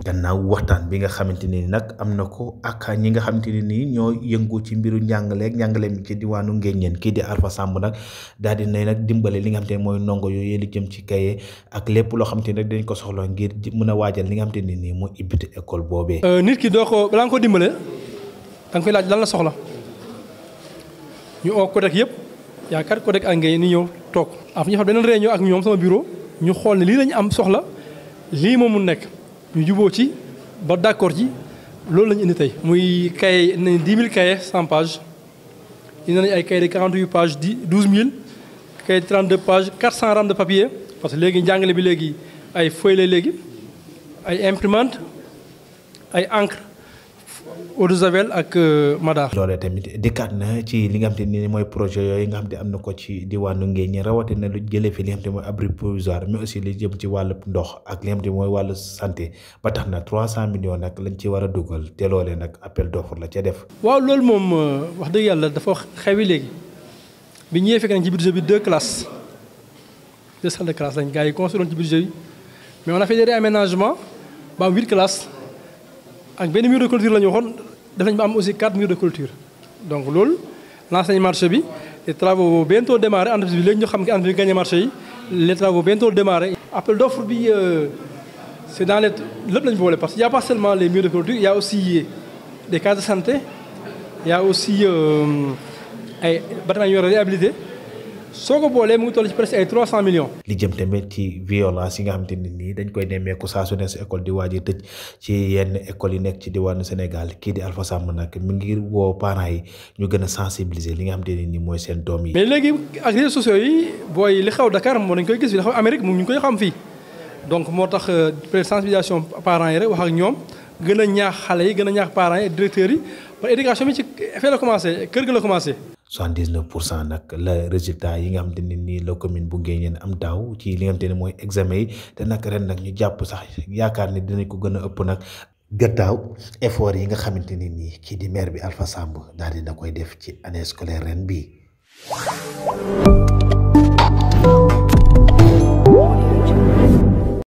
gannaaw waxtaan bi nga xamante ne nag am na ko ak ñi nga xamante ne nii ñoo yëngu ci mbiru njàngaleeg njàngale mi ci diwaanu Nguéniène kii di Alpha Samb nag daal di ne nag dimbale li nga xamante ne mooy ndongo yooyu li ci kaye ak lépp loo xamante ne dañ ko soxla ngir mën a waajal li nga xamante ne nii mooy ibbite école euh, nit ki doo ko balaa nga koy laaj lan la soxla ñu oo ko rek yëpp yaakaar ko rek ak ngay ni ñëw. toog af ñu fa beneen réunion ak ñoom sama bureau ñu xool ne lii lañu am soxla lii moom mun nekk ñu juboo ci ba d'accord ji loolu lañu indi tey muy cahier nañ 10 000 cahiers 100 pages ne nañu ay cahier de 48 pages 12 000 cahier de page pages 400 rames de papier parce que léegi njàngale bi léegi ay feuille léegi ay imprimante ay encre Eau de Javel ak euh, Madar. loolee tamit dikkaat na ci li nga xam te ne mooy projet yooyu nga xam ne am na ko ci diwaanu Nguéniène na lu jëlee fii li nga xam te mooy abri provisoire mais aussi li jëm ci wàllu ndox ak li nga xam te mooy wàllu santé ba tax na 300 millions nag lañ ci war a dugal te loole nag appel d'offre la ca def. waaw loolu moom euh, wax dëgg yàlla dafa xewi léegi bi ñëwee fekk nañ ci budget bi deux classes deux salles de classe lañ gars yi construit ci budget a fait des ak benn mur de culture la ñu waxoon def nañ ba am aussi quatre murs de culture donc loolu lancé nañ marché bi les travaux bientôt démarré entreprise bi léegi ñu xam ne entreprise bi gagné marché yi les travaux bientôt démarré. appel d'offre bi euh, c'est dans les lépp lañu boole parce que y pas seulement les murs de culture y a aussi euh, des cases de santé y a aussi euh, ay bâtiments réhabilité soo ko boolee mu ngi toll ci presque ay trois cent millions. li jëm tamit ci violence yi nga xamante ne nii dañ koy nemmeeku saa su ne si école di waaj a tëj ci yenn école yi nekk ci diwaanu Sénégal kii di Alpha Samb nag mi ngi woo parents yi ñu gën a sensibiliser li nga xam xamante ne nii mooy seen doom yi. mais léegi ak réseaux sociaux yi booy li xew Dakar moo nañ koy gis li xew Amérique mu ñu koy xam fii donc moo tax euh, peut sensibilisation parents yi rek wax ak ñoom gën a ñaax xale yi gën a ñaax parents directeurs yi par éducation bi ci commencé kër gi la commencé. 79 pour cent nag la résultat yi nga xam xamante ne nii la commune bu Nguéniène am daaw ci li nga xamante ne mooy examen yi te nag ren nag ñu jàpp sax yaakaar ne dinañ ko gën a ëpp nag gàttaaw effort yi nga xamante ne nii kii di maire bi Alpha Samb daal dina koy def ci année scolaire ren bii